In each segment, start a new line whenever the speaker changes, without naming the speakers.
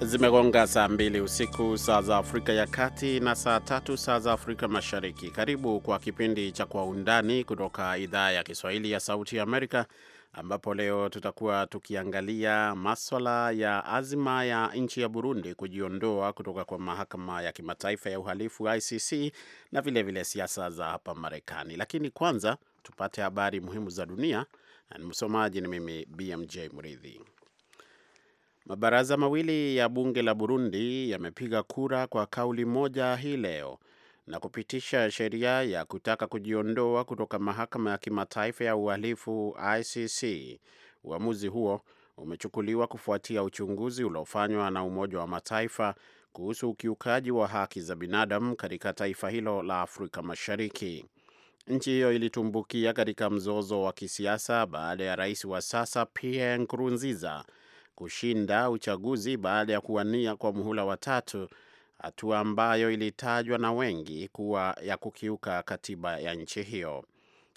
Zimegonga saa mbili usiku saa za Afrika ya Kati na saa tatu saa za Afrika Mashariki. Karibu kwa kipindi cha Kwa Undani kutoka idhaa ya Kiswahili ya Sauti ya Amerika, ambapo leo tutakuwa tukiangalia maswala ya azima ya nchi ya Burundi kujiondoa kutoka kwa mahakama ya kimataifa ya uhalifu ICC na vilevile siasa za hapa Marekani. Lakini kwanza tupate habari muhimu za dunia, na msomaji ni mimi BMJ Mridhi. Mabaraza mawili ya bunge la Burundi yamepiga kura kwa kauli moja hii leo na kupitisha sheria ya kutaka kujiondoa kutoka mahakama ya kimataifa ya uhalifu ICC. Uamuzi huo umechukuliwa kufuatia uchunguzi uliofanywa na Umoja wa Mataifa kuhusu ukiukaji wa haki za binadamu katika taifa hilo la Afrika Mashariki. Nchi hiyo ilitumbukia katika mzozo wa kisiasa baada ya rais wa sasa Pierre Nkurunziza kushinda uchaguzi baada ya kuwania kwa muhula wa tatu, hatua ambayo ilitajwa na wengi kuwa ya kukiuka katiba ya nchi hiyo.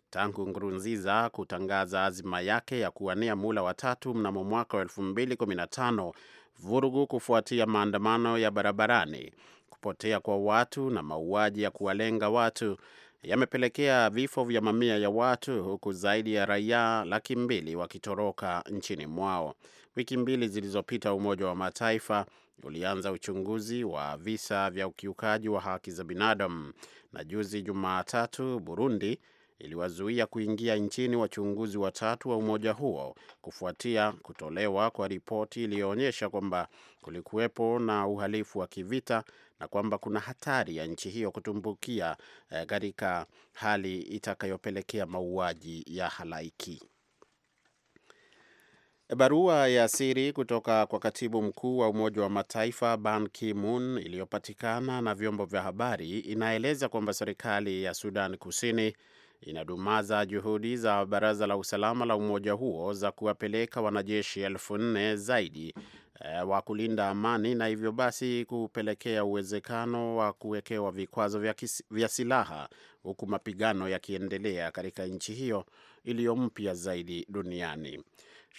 Tangu Nkurunziza kutangaza azima yake ya kuwania muhula wa tatu mnamo mwaka wa 215 vurugu kufuatia maandamano ya barabarani, kupotea kwa watu na mauaji ya kuwalenga watu yamepelekea vifo vya mamia ya watu huku zaidi ya raia laki mbili wakitoroka nchini mwao. Wiki mbili zilizopita, Umoja wa Mataifa ulianza uchunguzi wa visa vya ukiukaji wa haki za binadamu, na juzi Jumatatu, Burundi iliwazuia kuingia nchini wachunguzi watatu wa umoja huo kufuatia kutolewa kwa ripoti iliyoonyesha kwamba kulikuwepo na uhalifu wa kivita na kwamba kuna hatari ya nchi hiyo kutumbukia eh, katika hali itakayopelekea mauaji ya halaiki. Barua ya siri kutoka kwa katibu mkuu wa Umoja wa Mataifa Ban Ki-moon iliyopatikana na vyombo vya habari inaeleza kwamba serikali ya Sudan Kusini inadumaza juhudi za Baraza la Usalama la umoja huo za kuwapeleka wanajeshi elfu nne zaidi e, wa kulinda amani na hivyo basi kupelekea uwezekano wa kuwekewa vikwazo vya, vya silaha huku mapigano yakiendelea katika nchi hiyo iliyo mpya zaidi duniani.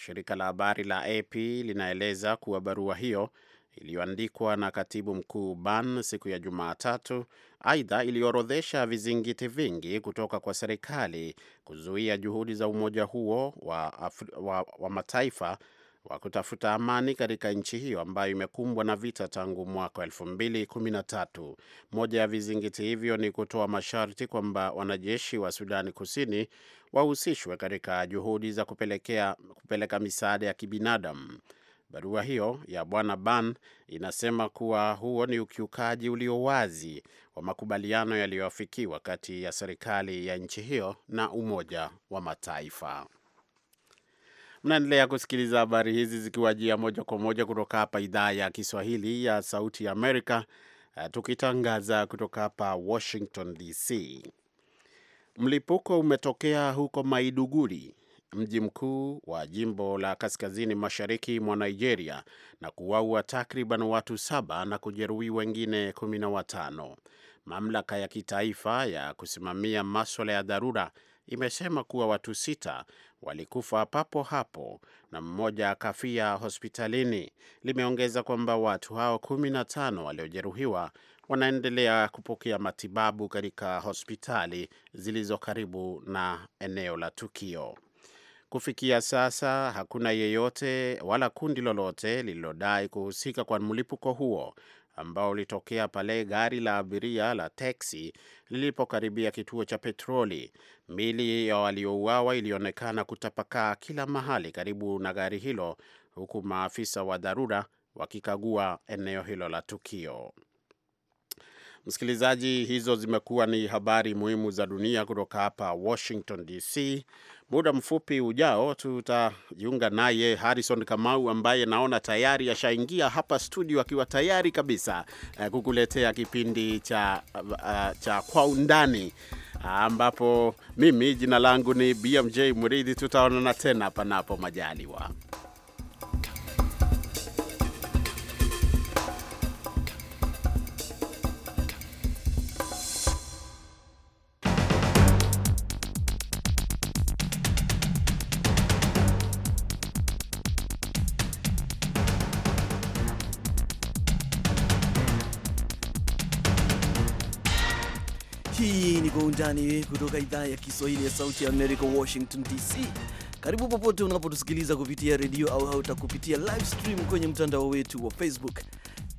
Shirika la habari la AP linaeleza kuwa barua hiyo iliyoandikwa na katibu mkuu Ban siku ya Jumatatu, aidha iliorodhesha vizingiti vingi kutoka kwa serikali kuzuia juhudi za umoja huo wa, Afri, wa, wa mataifa wa kutafuta amani katika nchi hiyo ambayo imekumbwa na vita tangu mwaka 2013. Moja ya vizingiti hivyo ni kutoa masharti kwamba wanajeshi wa Sudani Kusini wahusishwe katika juhudi za kupelekea, kupeleka misaada ya kibinadamu. Barua hiyo ya Bwana Ban inasema kuwa huo ni ukiukaji ulio wazi wa makubaliano yaliyoafikiwa kati ya serikali ya nchi hiyo na Umoja wa Mataifa. Mnaendelea kusikiliza habari hizi zikiwajia moja kwa moja kutoka hapa idhaa ya Kiswahili ya Sauti ya Amerika, eh, tukitangaza kutoka hapa Washington DC. Mlipuko umetokea huko Maiduguri, mji mkuu wa jimbo la kaskazini mashariki mwa Nigeria, na kuwaua takriban watu saba na kujeruhi wengine kumi na watano. Mamlaka ya kitaifa ya kusimamia maswala ya dharura imesema kuwa watu sita walikufa papo hapo na mmoja akafia hospitalini. Limeongeza kwamba watu hao kumi na tano waliojeruhiwa wanaendelea kupokea matibabu katika hospitali zilizo karibu na eneo la tukio. Kufikia sasa hakuna yeyote wala kundi lolote lililodai kuhusika kwa mlipuko huo ambao ulitokea pale gari la abiria la teksi lilipokaribia kituo cha petroli. Mili ya waliouawa ilionekana kutapakaa kila mahali karibu na gari hilo, huku maafisa wa dharura wakikagua eneo hilo la tukio. Msikilizaji, hizo zimekuwa ni habari muhimu za dunia kutoka hapa Washington DC. Muda mfupi ujao tutajiunga naye Harrison Kamau ambaye naona tayari ashaingia hapa studio akiwa tayari kabisa eh, kukuletea kipindi cha, eh, cha kwa undani ambapo mimi jina langu ni BMJ Muridhi. Tutaonana tena panapo majaliwa.
kutoka idhaa ya Kiswahili ya Sauti ya Amerika, Washington DC. Karibu popote unapotusikiliza kupitia redio au hauta kupitia live stream kwenye mtandao wetu wa Facebook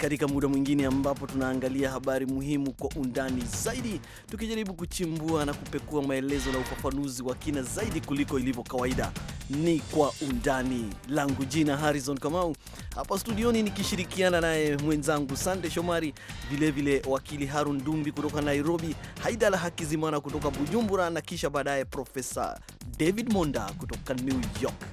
katika muda mwingine ambapo tunaangalia habari muhimu kwa undani zaidi, tukijaribu kuchimbua na kupekua maelezo na ufafanuzi wa kina zaidi kuliko ilivyo kawaida. Ni kwa undani. Langu jina Harrison Kamau, hapa studioni nikishirikiana naye mwenzangu Sande Shomari, vilevile vile wakili Harun Dumbi kutoka Nairobi, Haidala Hakizimana kutoka Bujumbura, na kisha baadaye Profesa David Monda kutoka New York.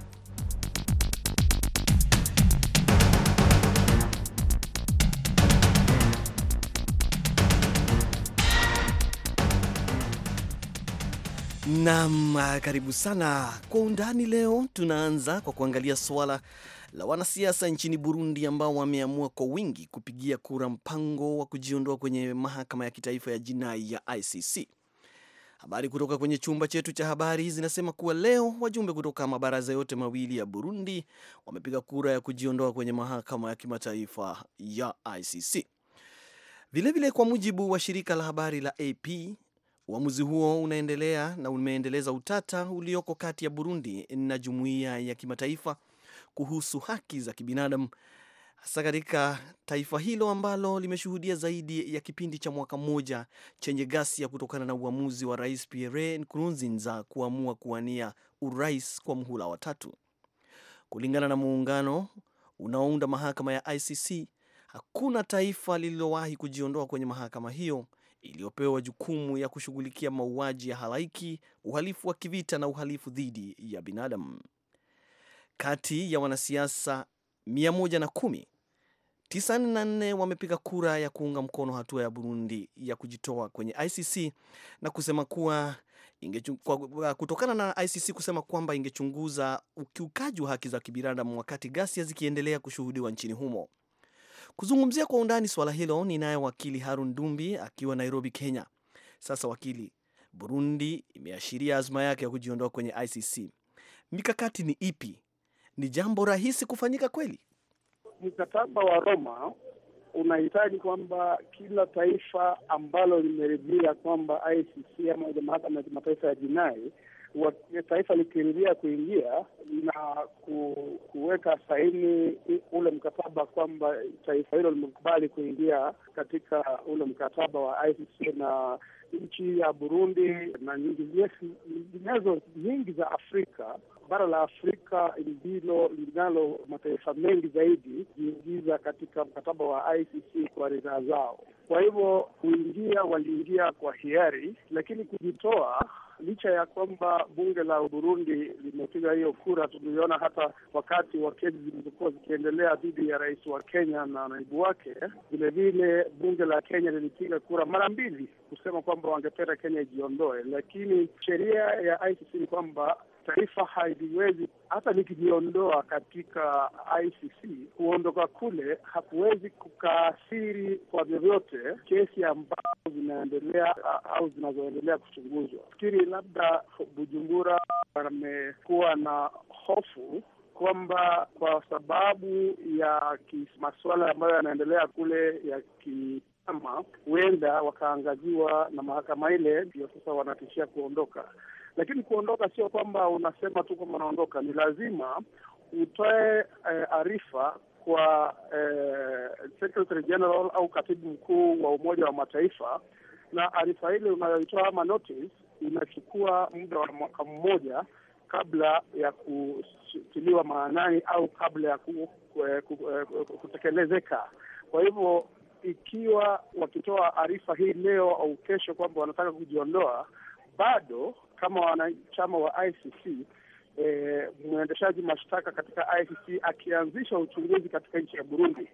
Naam, ah, karibu sana kwa undani. Leo tunaanza kwa kuangalia suala la wanasiasa nchini Burundi ambao wameamua kwa wingi kupigia kura mpango wa kujiondoa kwenye mahakama ya kitaifa ya jinai ya ICC. Habari kutoka kwenye chumba chetu cha habari zinasema kuwa leo wajumbe kutoka mabaraza yote mawili ya Burundi wamepiga kura ya kujiondoa kwenye mahakama ya kimataifa ya ICC. Vilevile, kwa mujibu wa shirika la habari la AP, Uamuzi huo unaendelea na umeendeleza utata ulioko kati ya Burundi na jumuiya ya kimataifa kuhusu haki za kibinadamu, hasa katika taifa hilo ambalo limeshuhudia zaidi ya kipindi cha mwaka mmoja chenye ghasia kutokana na uamuzi wa Rais Pierre Nkurunziza kuamua kuwania urais kwa mhula wa tatu. Kulingana na muungano unaounda mahakama ya ICC, hakuna taifa lililowahi kujiondoa kwenye mahakama hiyo iliyopewa jukumu ya kushughulikia mauaji ya halaiki, uhalifu wa kivita na uhalifu dhidi ya binadamu. Kati ya wanasiasa 110 94 wamepiga kura ya kuunga mkono hatua ya Burundi ya kujitoa kwenye ICC na kusema kuwa kutokana na ICC kusema kwamba ingechunguza ukiukaji wa haki za kibinadamu wakati ghasia zikiendelea kushuhudiwa nchini humo. Kuzungumzia kwa undani swala hilo ni naye wakili Harun Dumbi akiwa Nairobi, Kenya. Sasa wakili, Burundi imeashiria azma yake ya kujiondoa kwenye ICC. Mikakati ni ipi? Ni jambo rahisi kufanyika kweli? Mkataba wa Roma
unahitaji kwamba kila taifa ambalo limeridhia kwamba ICC ama mahakama ya kimataifa ya jinai taifa likiingia kuingia na ku, kuweka saini ule mkataba kwamba taifa hilo limekubali kuingia katika ule mkataba wa ICC na nchi ya Burundi na nyinginezo nyingi za Afrika. Bara la Afrika ndilo linalo mataifa mengi zaidi kuingiza katika mkataba wa ICC kwa ridhaa zao. Kwa hivyo kuingia, waliingia kwa hiari, lakini kujitoa licha ya kwamba bunge la Burundi limepiga hiyo kura, tuliona hata wakati wa kesi zilizokuwa zikiendelea dhidi ya rais wa Kenya na naibu wake. Vilevile bunge la Kenya lilipiga kura mara mbili kusema kwamba wangependa Kenya ijiondoe, lakini sheria ya ICC ni kwamba taifa haliwezi hata nikijiondoa katika ICC, kuondoka kule hakuwezi kukaathiri kwa vyovyote kesi ambazo zinaendelea au zinazoendelea kuchunguzwa. Fikiri labda Bujumbura wamekuwa na hofu kwamba kwa sababu ya masuala ambayo yanaendelea kule ya ki huenda wakaangaziwa na mahakama ile, ndio sasa wanatishia kuondoka. Lakini kuondoka sio kwamba unasema tu kwamba unaondoka, ni lazima utoe eh, arifa kwa eh, Secretary General au katibu mkuu wa Umoja wa Mataifa, na arifa ile unayoitoa ama notice inachukua muda wa mwaka mmoja kabla ya kutiliwa maanani au kabla ya kutekelezeka. Kwa hivyo ikiwa wakitoa arifa hii leo au kesho kwamba wanataka kujiondoa, bado kama wanachama wa ICC e, eh, mwendeshaji mashtaka katika ICC akianzisha uchunguzi katika nchi ya Burundi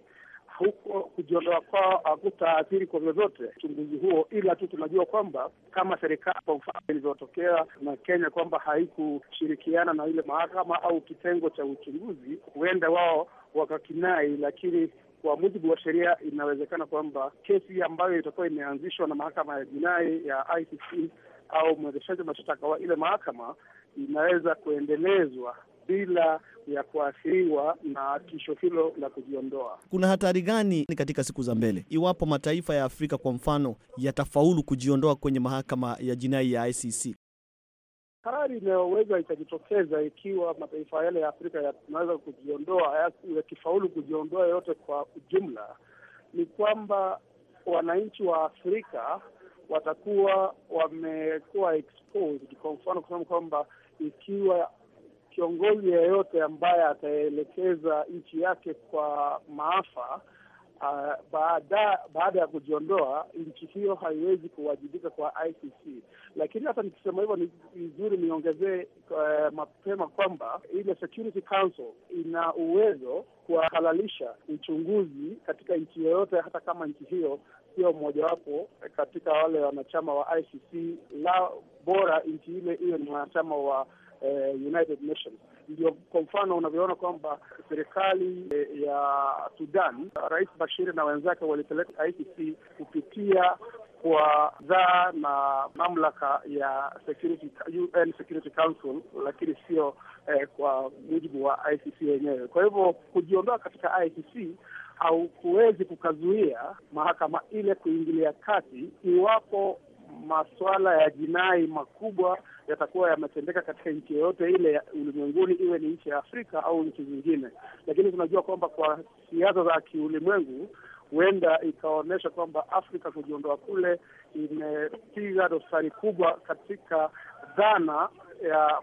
huko kujiondoa kwao hakutaathiri kwa vyovyote uchunguzi huo, ila tu tunajua kwamba kama serikali, kwa mfano ilivyotokea na Kenya, kwamba haikushirikiana na ile mahakama au kitengo cha uchunguzi, huenda wao wakakinai, lakini kwa mujibu wa sheria inawezekana kwamba kesi ambayo itakuwa imeanzishwa na mahakama ya jinai ya ICC au mwendeshaji mashtaka wa ile mahakama inaweza kuendelezwa bila ya kuathiriwa na tisho hilo la kujiondoa.
Kuna hatari gani katika siku za mbele iwapo mataifa ya Afrika kwa mfano yatafaulu kujiondoa kwenye mahakama ya jinai ya ICC?
Hatari inayoweza ikajitokeza ikiwa mataifa yale ya Afrika yanaweza kujiondoa, yakifaulu kujiondoa yote kwa ujumla, ni kwamba wananchi wa Afrika watakuwa wamekuwa exposed. Kwa mfano kusema kwamba ikiwa kiongozi yeyote ambaye ataelekeza nchi yake kwa maafa uh, baada baada ya kujiondoa, nchi hiyo haiwezi kuwajibika kwa ICC. Lakini hata nikisema hivyo, ni vizuri niongezee uh, mapema kwamba ile Security Council ina uwezo kuwahalalisha uchunguzi katika nchi yoyote, hata kama nchi hiyo sio mmojawapo katika wale wanachama wa ICC, la bora nchi ile hiyo ni wanachama wa eh, United Nations. Ndio kwa mfano unavyoona kwamba serikali eh, ya Sudan, Rais Bashir na wenzake walipeleka ICC kupitia kwa dhaa na mamlaka ya Security, UN Security Council, lakini sio eh, kwa mujibu wa ICC yenyewe. Kwa hivyo kujiondoa katika ICC haukuwezi kukazuia mahakama ile kuingilia kati iwapo masuala ya jinai makubwa yatakuwa yametendeka katika nchi yoyote ile ulimwenguni, iwe ni nchi ya Afrika au nchi zingine. Lakini tunajua kwamba kwa siasa za kiulimwengu huenda ikaonyesha kwamba Afrika kujiondoa kule imepiga dosari kubwa katika dhana ya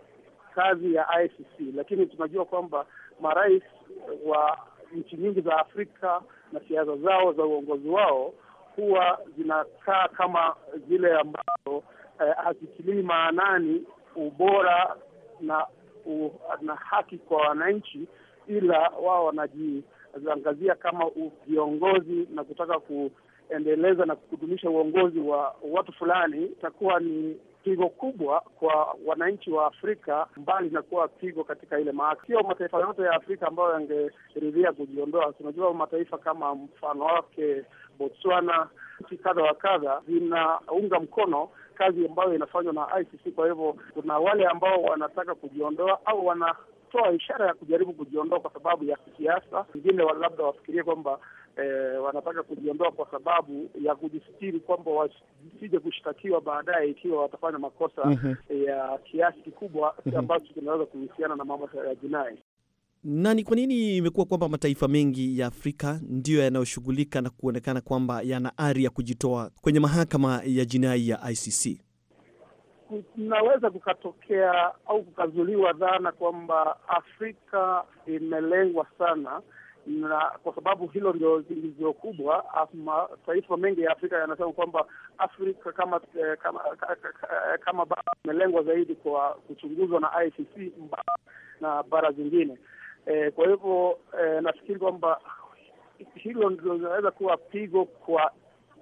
kazi ya ICC, lakini tunajua kwamba marais wa nchi nyingi za Afrika na siasa zao za uongozi wao huwa zinakaa kama zile ambazo eh, hazitilii maanani ubora na u, na haki kwa wananchi, ila wao wanajiangazia kama viongozi na kutaka kuendeleza na kudumisha uongozi wa watu fulani, itakuwa ni pigo kubwa kwa wananchi wa Afrika, mbali na kuwa pigo katika ile mahakama. Sio mataifa yote ya Afrika ambayo yangeridhia kujiondoa. Tunajua mataifa kama mfano wake Botswana, nchi kadha wa kadha zinaunga mkono kazi ambayo inafanywa na ICC. Kwa hivyo kuna wale ambao wanataka kujiondoa au wanatoa ishara ya kujaribu kujiondoa kwa sababu ya kisiasa, wengine labda wafikirie kwamba e, wanataka kujiondoa kwa sababu ya kujisikiri kwamba wasije kushtakiwa baadaye ikiwa watafanya makosa mm -hmm. ya kiasi kikubwa mm -hmm. ambacho kinaweza kuhusiana na mambo ya jinai.
Na ni kwa nini imekuwa kwamba mataifa mengi ya Afrika ndiyo yanayoshughulika na kuonekana kwamba yana ari ya kujitoa kwenye mahakama ya jinai ya ICC?
Kunaweza kukatokea au kukazuliwa dhana kwamba Afrika imelengwa sana na kwa sababu hilo ndio zingizio kubwa. Mataifa mengi ya Afrika yanasema kwamba Afrika kama eh, kama eh, kama bara zaidi kwa kuchunguzwa na ICC na bara zingine eh, kwa hivyo eh, nafikiri kwamba hilo ndio linaweza kuwa pigo kwa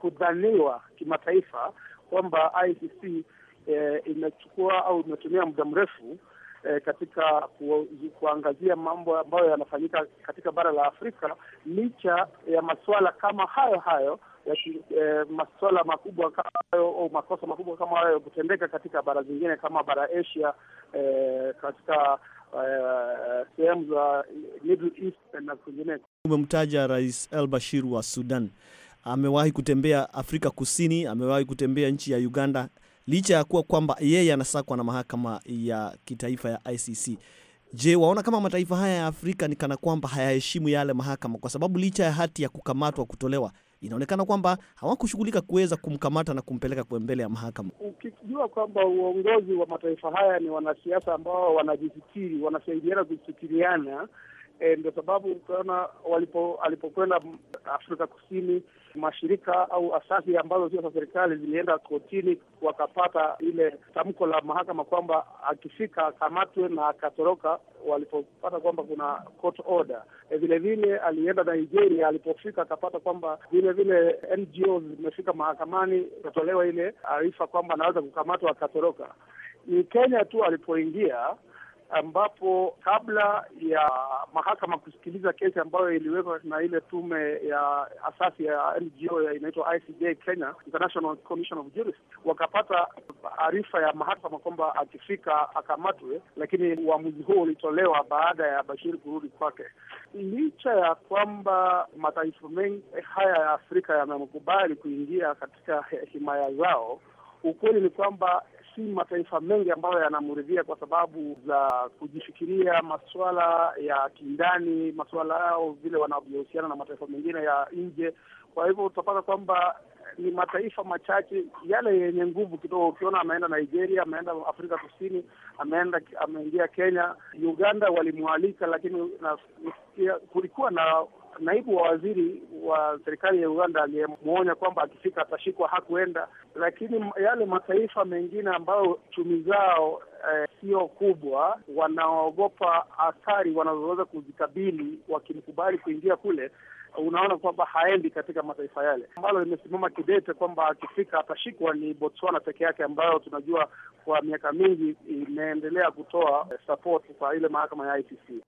kudhaniwa kimataifa kwamba ICC eh, imechukua au imetumia muda mrefu eh, katika ku, kuangazia mambo ambayo yanafanyika katika bara la Afrika licha ya masuala kama hayo hayo ya eh, masuala makubwa kama hayo au makosa makubwa kama hayo kutendeka katika bara zingine kama bara Asia eh, katika eh, sehemu za Middle East na kwingineko.
Umemtaja Rais al Bashir wa Sudan, amewahi kutembea Afrika Kusini, amewahi kutembea nchi ya Uganda licha ya kuwa kwamba yeye anasakwa na mahakama ya kitaifa ya ICC. Je, waona kama mataifa haya ya Afrika ni kana kwamba hayaheshimu yale mahakama, kwa sababu licha ya hati ya kukamatwa kutolewa inaonekana kwamba hawakushughulika kuweza kumkamata na kumpeleka kwa mbele ya mahakama,
ukijua kwamba uongozi wa mataifa haya ni wanasiasa ambao wanajisitiri, wanasaidiana kujisitiriana E, ndio sababu ukiona walipo alipokwenda Afrika Kusini, mashirika au asasi ambazo sio za serikali zilienda kotini, wakapata ile tamko la mahakama kwamba akifika akamatwe na akatoroka, walipopata kwamba kuna court order. E, vile vile alienda Nigeria, alipofika akapata kwamba vile vile NGO zimefika mahakamani, ikatolewa ile arifa kwamba anaweza kukamatwa akatoroka. Ni Kenya tu alipoingia ambapo kabla ya mahakama kusikiliza kesi ambayo iliwekwa na ile tume ya asasi ya NGO inaitwa ICJ Kenya, International Commission of Jurists, wakapata taarifa ya mahakama kwamba akifika akamatwe, lakini uamuzi huo ulitolewa baada ya Bashir kurudi kwake, licha ya kwamba mataifa mengi eh, haya ya Afrika yamekubali kuingia katika himaya zao. Ukweli ni kwamba si mataifa mengi ambayo yanamridhia kwa sababu za kujifikiria masuala ya kindani, masuala yao vile wanavyohusiana na mataifa mengine ya nje. Kwa hivyo utapata kwamba ni mataifa machache yale yenye nguvu kidogo. Ukiona ameenda Nigeria, ameenda Afrika Kusini, ameenda ameingia Kenya, Uganda walimwalika, lakini na, kulikuwa na naibu wa waziri wa serikali ya Uganda aliyemwonya kwamba akifika atashikwa hakuenda, lakini yale mataifa mengine ambayo chumi zao eh, sio kubwa, wanaogopa athari wanazoweza kuzikabili wakimkubali kuingia kule. Unaona kwamba haendi katika mataifa yale. Ambalo limesimama kidete kwamba akifika atashikwa ni Botswana peke yake, ambayo tunajua kwa miaka mingi imeendelea kutoa support kwa ile mahakama ya ICC.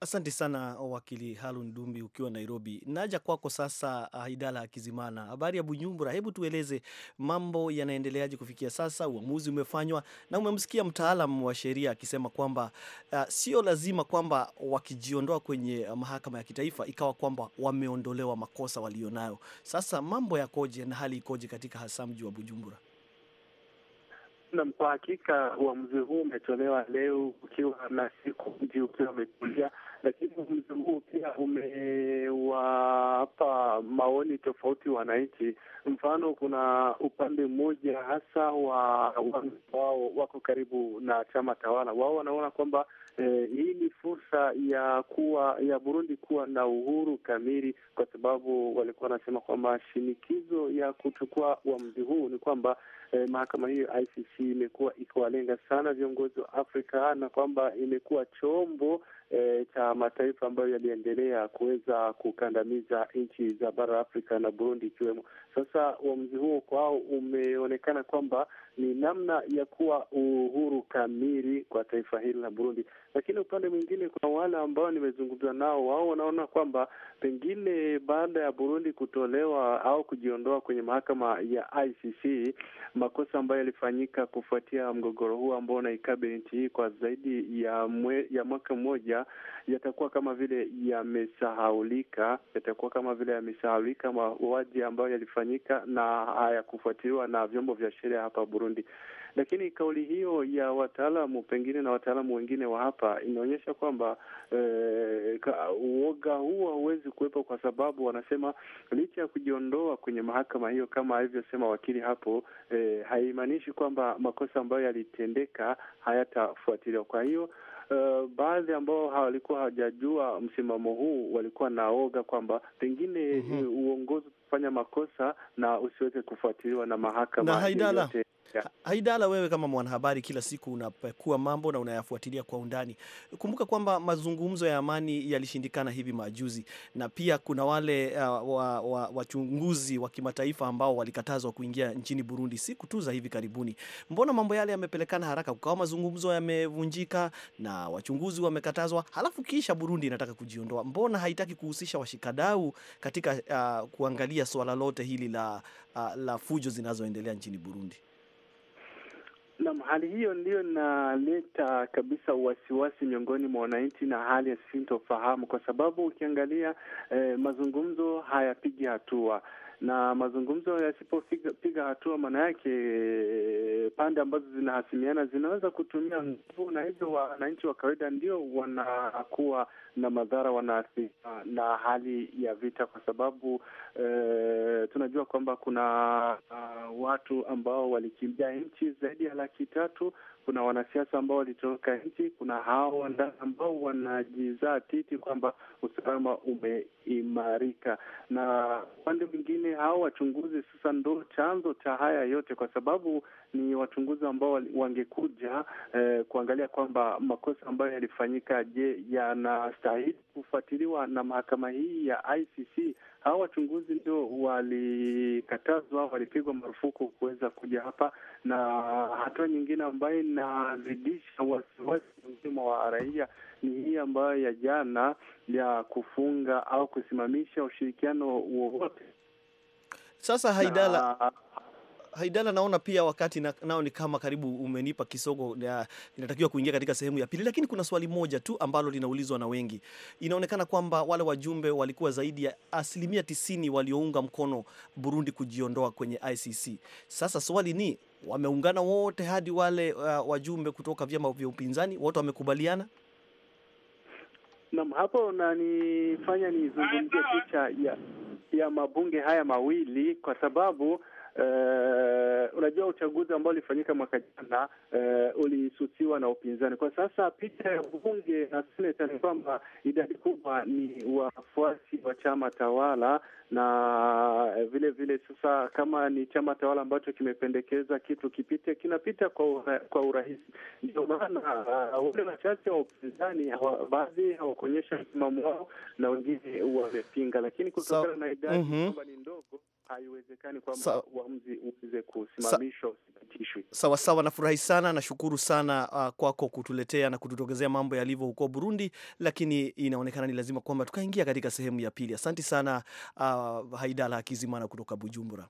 Asante sana wakili Halun Dumbi ukiwa Nairobi. Naja kwako sasa, ah, Idala Kizimana, habari ya Bujumbura. Hebu tueleze mambo yanaendeleaje kufikia sasa, uamuzi umefanywa na umemsikia mtaalam wa sheria akisema kwamba uh, sio lazima kwamba wakijiondoa kwenye ah, mahakama ya kitaifa ikawa kwamba wameondolewa makosa walionayo. Sasa mambo yakoje na hali ikoje katika hasa mji wa Bujumbura?
Nam, kwa hakika uamuzi huu umetolewa leo ukiwa na siku mji ukiwa umetulia lakini uamuzi huu pia umewapa maoni tofauti wananchi. Mfano, kuna upande mmoja hasa wa wao wako karibu na chama tawala, wao wanaona kwamba eh, hii ni fursa ya kuwa ya Burundi kuwa na uhuru kamili, kwa sababu walikuwa wanasema kwamba shinikizo ya kuchukua uamuzi huu ni kwamba eh, mahakama hiyo ICC imekuwa ikiwalenga sana viongozi wa Afrika na kwamba imekuwa chombo e, cha mataifa ambayo yaliendelea kuweza kukandamiza nchi za bara la Afrika na Burundi ikiwemo. Sasa uamuzi huo kwao umeonekana kwamba ni namna ya kuwa uhuru kamili kwa taifa hili la Burundi, lakini upande mwingine kuna wale ambao nimezungumza nao, wao wanaona kwamba pengine baada ya Burundi kutolewa au kujiondoa kwenye mahakama ya ICC, makosa ambayo yalifanyika kufuatia mgogoro huu ambao unaikabili nchi hii kwa zaidi ya, mwe, ya mwaka mmoja Ulaya yatakuwa kama vile yamesahaulika, yatakuwa kama vile yamesahaulika mauaji ambayo yalifanyika na hayakufuatiliwa na vyombo vya sheria hapa Burundi. Lakini kauli hiyo ya wataalamu pengine na wataalamu wengine wa hapa inaonyesha kwamba eh, uoga e, huo hauwezi kuwepo, kwa sababu wanasema licha ya kujiondoa kwenye mahakama hiyo kama alivyosema wakili hapo, e, haimaanishi kwamba makosa ambayo yalitendeka hayatafuatiliwa. Kwa hiyo uh, baadhi ambao walikuwa hawajajua msimamo huu walikuwa naoga kwamba pengine mm -hmm. uongozi kufanya makosa na usiweze kufuatiliwa na mahakama. Na haidala
haidala, wewe kama mwanahabari, kila siku unapekua mambo na unayafuatilia kwa undani. Kumbuka kwamba mazungumzo ya amani yalishindikana hivi majuzi, na pia kuna wale uh, eh, wachunguzi wa, wa, wa kimataifa ambao walikatazwa kuingia nchini Burundi siku tu za hivi karibuni. Mbona mambo yale yamepelekana haraka, ukawa mazungumzo yamevunjika na wachunguzi wamekatazwa, halafu kisha Burundi inataka kujiondoa. Mbona haitaki kuhusisha washikadau katika uh, kuangalia kufuatilia swala lote hili la, la fujo zinazoendelea nchini Burundi?
Naam, hali hiyo ndiyo inaleta kabisa wasiwasi miongoni mwa wananchi na hali ya sintofahamu, kwa sababu ukiangalia eh, mazungumzo hayapigi hatua na mazungumzo yasipopiga hatua, maana yake e, pande ambazo zinahasimiana zinaweza kutumia nguvu, na hivyo wananchi wa kawaida ndio wanakuwa na madhara wanaathirika ah, na hali ya vita, kwa sababu e, tunajua kwamba kuna uh, watu ambao walikimbia nchi zaidi ya laki tatu. Kuna wanasiasa ambao walitoroka nchi. Kuna hao wandani ambao wanajizaa titi kwamba usalama umeimarika, na upande mwingine hao wachunguzi sasa ndo chanzo cha haya yote, kwa sababu ni wachunguzi ambao wangekuja eh, kuangalia kwamba makosa ambayo yalifanyika, je, yanastahili kufuatiliwa na mahakama hii ya ICC? Hawa wachunguzi ndio walikatazwa, walipigwa marufuku kuweza kuja hapa, na hatua nyingine ambayo inazidisha wasiwasi mzima wa raia ni hii ambayo ya jana ya kufunga au kusimamisha ushirikiano wowote.
Sasa Haidala na, Haidala, naona pia wakati na, nao ni kama karibu umenipa kisogo na inatakiwa kuingia katika sehemu ya pili, lakini kuna swali moja tu ambalo linaulizwa na wengi. Inaonekana kwamba wale wajumbe walikuwa zaidi ya asilimia tisini waliounga mkono Burundi kujiondoa kwenye ICC. Sasa swali ni wameungana wote hadi wale uh, wajumbe kutoka vyama vya upinzani wote wamekubaliana?
Naam, hapo unanifanya nizungumzie picha ya, ya mabunge haya mawili kwa sababu Uh, unajua uchaguzi ambao ulifanyika mwaka jana uh, ulisusiwa na upinzani. Kwa sasa picha ya bunge na seneta ni kwamba idadi kubwa ni wafuasi wa chama tawala, na eh, vile vile sasa, kama ni chama tawala ambacho kimependekeza kitu kipite, kinapita kwa ura, kwa urahisi. Ndio maana wale wachache wa upinzani baadhi hawakuonyesha msimamo wao na wengine wamepinga, lakini kutokana so, na idadi mm
-hmm. ni ndogo
haiwezekani kwamba Sa... uamuzi uweze kusimamishwa usipitishwe.
Sawa sawa, nafurahi sana, nashukuru sana uh, kwako kutuletea na kututokezea mambo yalivyo huko Burundi, lakini inaonekana ni lazima kwamba tukaingia katika sehemu ya pili. Asante sana uh, Haidala Akizimana kutoka Bujumbura.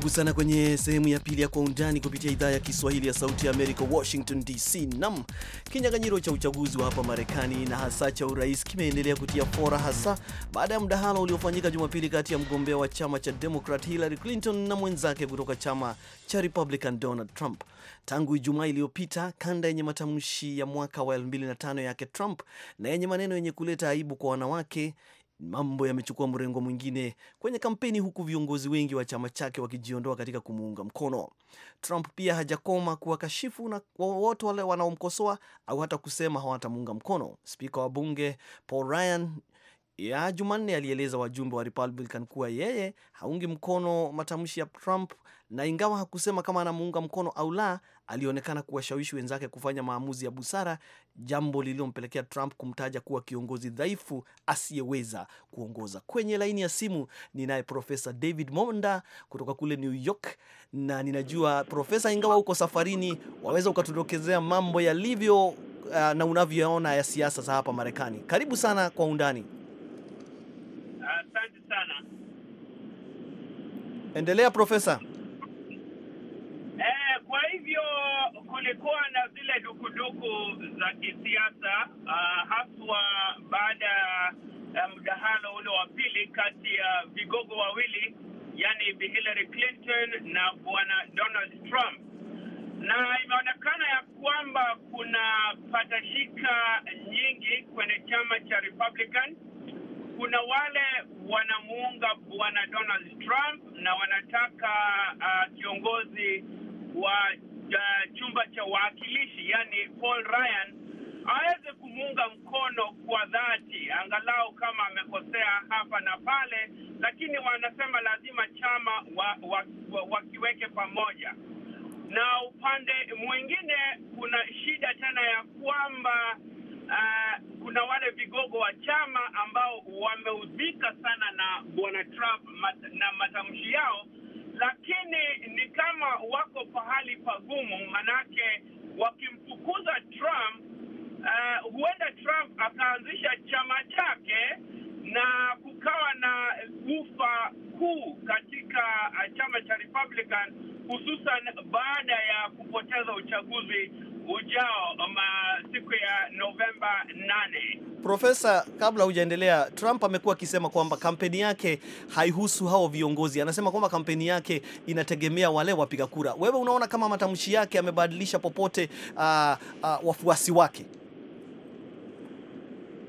Karibu sana kwenye sehemu ya pili ya Kwa Undani kupitia idhaa ya Kiswahili ya Sauti ya Amerika, Washington DC. Nam, kinyang'anyiro cha uchaguzi wa hapa Marekani na hasa cha urais kimeendelea kutia fora, hasa baada ya mdahalo uliofanyika Jumapili kati ya mgombea wa chama cha Demokrat Hillary Clinton na mwenzake kutoka chama cha Republican Donald Trump. Tangu Ijumaa iliyopita, kanda yenye matamshi ya mwaka wa 2005 yake Trump na yenye maneno yenye kuleta aibu kwa wanawake mambo yamechukua mrengo mwingine kwenye kampeni, huku viongozi wengi wa chama chake wakijiondoa katika kumuunga mkono. Trump pia hajakoma kuwakashifu na wote wale wanaomkosoa au hata kusema hawatamuunga mkono. Spika wa bunge Paul Ryan ya Jumanne alieleza wajumbe wa Republican kuwa yeye haungi mkono matamshi ya Trump, na ingawa hakusema kama anamuunga mkono au la, alionekana kuwashawishi wenzake kufanya maamuzi ya busara, jambo lililompelekea Trump kumtaja kuwa kiongozi dhaifu asiyeweza kuongoza. Kwenye laini ya simu ninaye Profesa David Monda kutoka kule New York, na ninajua Profesa, ingawa uko safarini, waweza ukatudokezea mambo yalivyo uh, na unavyoona ya siasa za hapa Marekani. Karibu sana kwa undani. Asante uh, sana. Endelea Profesa.
Kwa hivyo kulikuwa na zile dukuduku za kisiasa uh, haswa baada ya uh, eh, mdahalo ule wa pili kati ya uh, vigogo wawili yani Bi Hillary Clinton na bwana Donald Trump, na imeonekana ya kwamba kuna patashika nyingi kwenye chama cha Republican. Kuna wale wanamuunga bwana Donald Trump na wanataka uh, kiongozi wa uh, chumba cha wawakilishi yani Paul Ryan aweze kumuunga mkono kwa dhati, angalau kama amekosea hapa na pale, lakini wanasema lazima chama wakiweke wa, wa, wa pamoja. Na upande mwingine kuna shida tena ya kwamba uh, kuna wale vigogo wa chama ambao wameudhika sana na bwana Trump mat, na matamshi yao lakini ni kama wako pahali pagumu, manake wakimfukuza Trump uh, huenda Trump akaanzisha chama chake na kukawa na gufa kuu katika eh, chama cha Republican, hususan baada ya kupoteza uchaguzi ujao ma siku ya Novemba
nane. Profesa, kabla hujaendelea, Trump amekuwa akisema kwamba kampeni yake haihusu hao viongozi. Anasema kwamba kampeni yake inategemea wale wapiga kura. Wewe unaona kama matamshi yake amebadilisha popote uh, uh, wafuasi wake?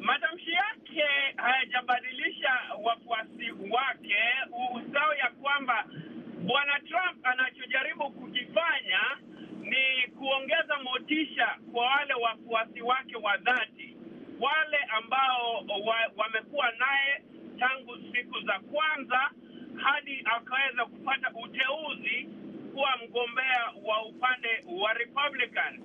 Matamshi yake hayajabadilisha wafuasi wake, usao ya kwamba bwana Trump anachojaribu kukifanya ni kuongeza motisha kwa wale wafuasi wake wa dhati, wale ambao wa, wamekuwa naye tangu siku za kwanza hadi akaweza kupata uteuzi kuwa mgombea wa upande wa Republican.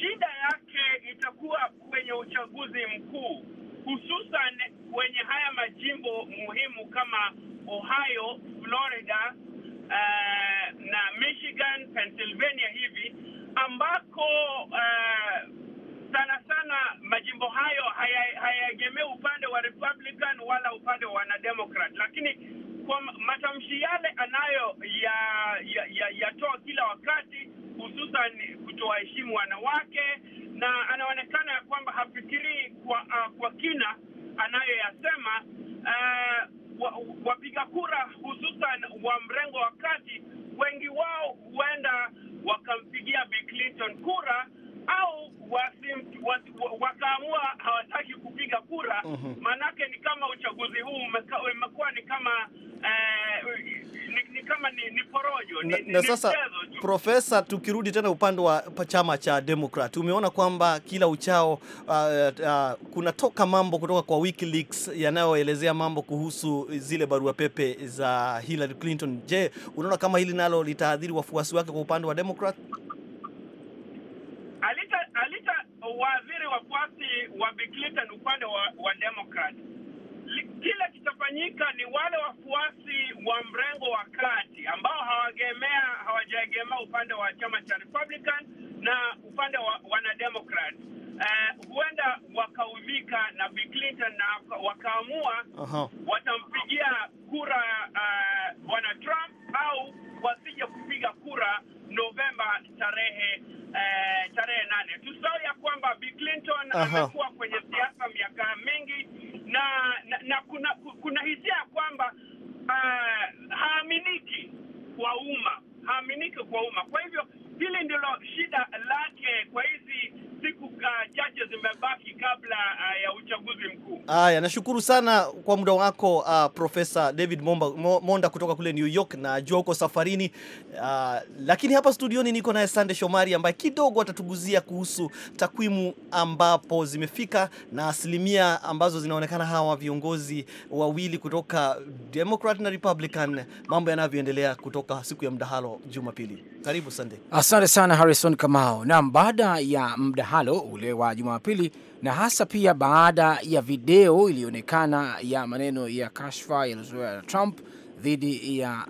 Shida yake itakuwa kwenye uchaguzi mkuu, hususan kwenye haya majimbo muhimu kama Ohio, Florida uh, na Michigan, Pennsylvania hivi ambako uh, sana sana majimbo hayo hayaegemea haya upande wa Republican wala upande wa wanademokrat, lakini kwa matamshi yale anayo yatoa ya, ya, ya kila wakati, hususan kutowaheshimu wanawake, na anaonekana ya kwamba hafikirii kwa, uh, kwa kina anayoyasema. Uh, wapiga kura wa mrengo wa kati, wengi wao huenda wakampigia Bill Clinton kura au wakaamua hawataki kupiga kura uh mhm. -huh. Maanake ni kama uchaguzi huu umekuwa ni kama eh,
ni, ni kama ni, ni porojo na, ni, na sasa Profesa, tukirudi tena upande wa chama cha Demokrat, umeona kwamba kila uchao uh, uh, kunatoka mambo kutoka kwa WikiLeaks yanayoelezea mambo kuhusu zile barua pepe za Hillary Clinton. Je, unaona kama hili nalo litaadhiri wafuasi wake kwa upande wa Uh,
alita alita waadhiri wafuasi wa Bi Clinton upande wa, wa Democrat. Kile kitafanyika ni wale wafuasi wa mrengo wa kati ambao hawagemea hawajaegemea upande wa chama cha Republican na upande wa wanademokrat uh, huenda wakaumika na Bill Clinton na wakaamua uh -huh. watampigia kura uh, Trump au wasije kupiga kura Novemba tarehe eh, tarehe nane. Tusahau ya kwamba Bill Clinton amekuwa kwenye siasa miaka mingi na, na, na kuna kuna hisia ya kwamba uh, haaminiki kwa umma haaminiki kwa umma. Kwa hivyo hili ndilo shida lake kwa hizi siku chache zimebaki kabla
uh, ya uchaguzi mkuu. Haya, nashukuru sana kwa muda wako uh, Profesa David Monda, Monda kutoka kule New York. Najua uko safarini uh, lakini hapa studioni niko naye Sande Shomari ambaye kidogo atatuguzia kuhusu takwimu ambapo zimefika na asilimia ambazo zinaonekana hawa viongozi wawili kutoka Democrat na Republican, mambo yanavyoendelea kutoka siku ya mdahalo Jumapili. Karibu Sande.
Asante sana Harrison Kamao. Naam, baada ya mdahalo ule wa Jumapili na hasa pia baada ya video iliyoonekana ya maneno ya kashfa yaliyozoea na Trump dhidi ya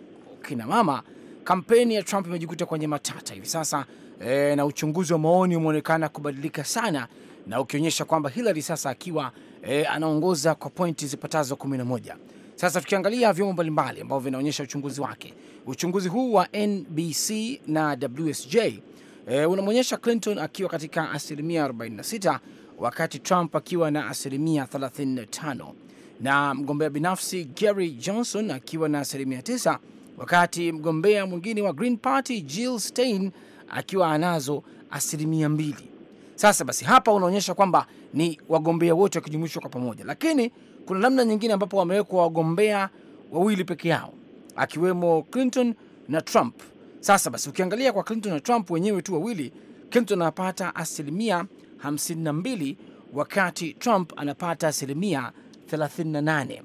kinamama, kampeni ya Trump imejikuta kwenye matata hivi sasa e, na uchunguzi wa maoni umeonekana kubadilika sana na ukionyesha kwamba Hillary sasa akiwa e, anaongoza kwa pointi zipatazo kumi na moja. Sasa tukiangalia vyombo mbalimbali ambavyo vinaonyesha uchunguzi wake, uchunguzi huu wa NBC na WSJ e, eh, unamwonyesha Clinton akiwa katika asilimia 46 wakati Trump akiwa na asilimia 35 na mgombea binafsi Gary Johnson akiwa na asilimia 9 wakati mgombea mwingine wa Green Party Jill Stein akiwa anazo asilimia mbili. Sasa basi hapa unaonyesha kwamba ni wagombea wote wakijumuishwa kwa pamoja, lakini kuna namna nyingine ambapo wamewekwa wagombea wawili peke yao akiwemo Clinton na Trump. Sasa basi ukiangalia kwa Clinton na Trump wenyewe tu wawili, Clinton anapata asilimia 52 wakati Trump anapata asilimia 38.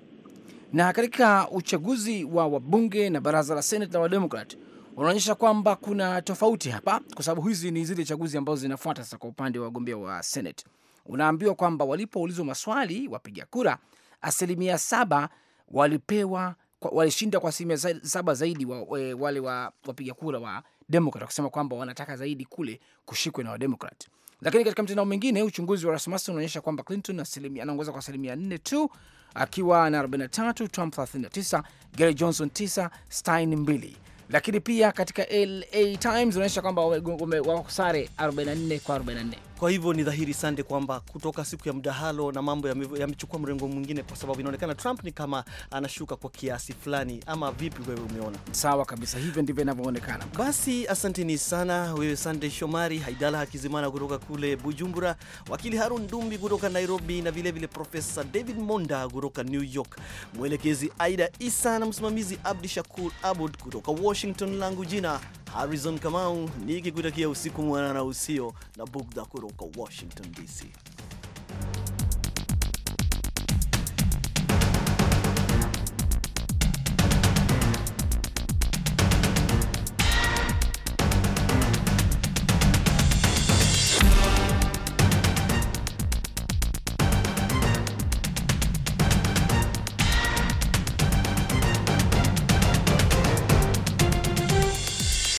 Na katika uchaguzi wa wabunge na baraza la Senate la Wademokrat unaonyesha kwamba kuna tofauti hapa, kwa sababu hizi ni zile chaguzi ambazo zinafuata sasa kwa upande wa wagombea wa Senate. Unaambiwa kwamba walipoulizwa maswali wapiga kura, asilimia saba walipewa walishinda kwa asilimia saba zaidi wa, we, wale wa wapiga kura wa Demokrat kusema kwamba wanataka zaidi kule kushikwe na Wademokrat. Lakini katika mtandao mwingine uchunguzi wa Rasmussen unaonyesha kwamba Clinton anaongoza kwa asilimia nne tu akiwa na 43, Trump 39, Gary Johnson 9, Stein 2 lakini pia katika LA Times unaonyesha kwamba wako sare 44 kwa 44. Kwa hivyo ni dhahiri
sande kwamba kutoka siku ya mdahalo na mambo yamechukua ya mrengo mwingine, kwa sababu inaonekana Trump ni kama anashuka kwa kiasi fulani, ama vipi?
Wewe umeona? Sawa kabisa, hivyo ndivyo inavyoonekana.
Basi asanteni sana wewe Sande Shomari, Haidala Hakizimana kutoka kule Bujumbura, wakili Harun Dumbi kutoka Nairobi na vilevile Profesa David Monda kutoka New York, mwelekezi Aida Isa na msimamizi Abdi Shakur Abud kutoka Washington. Langu jina Harrison Kamau nikikutakia usiku mwanana usio na bugdha kutoka Washington DC.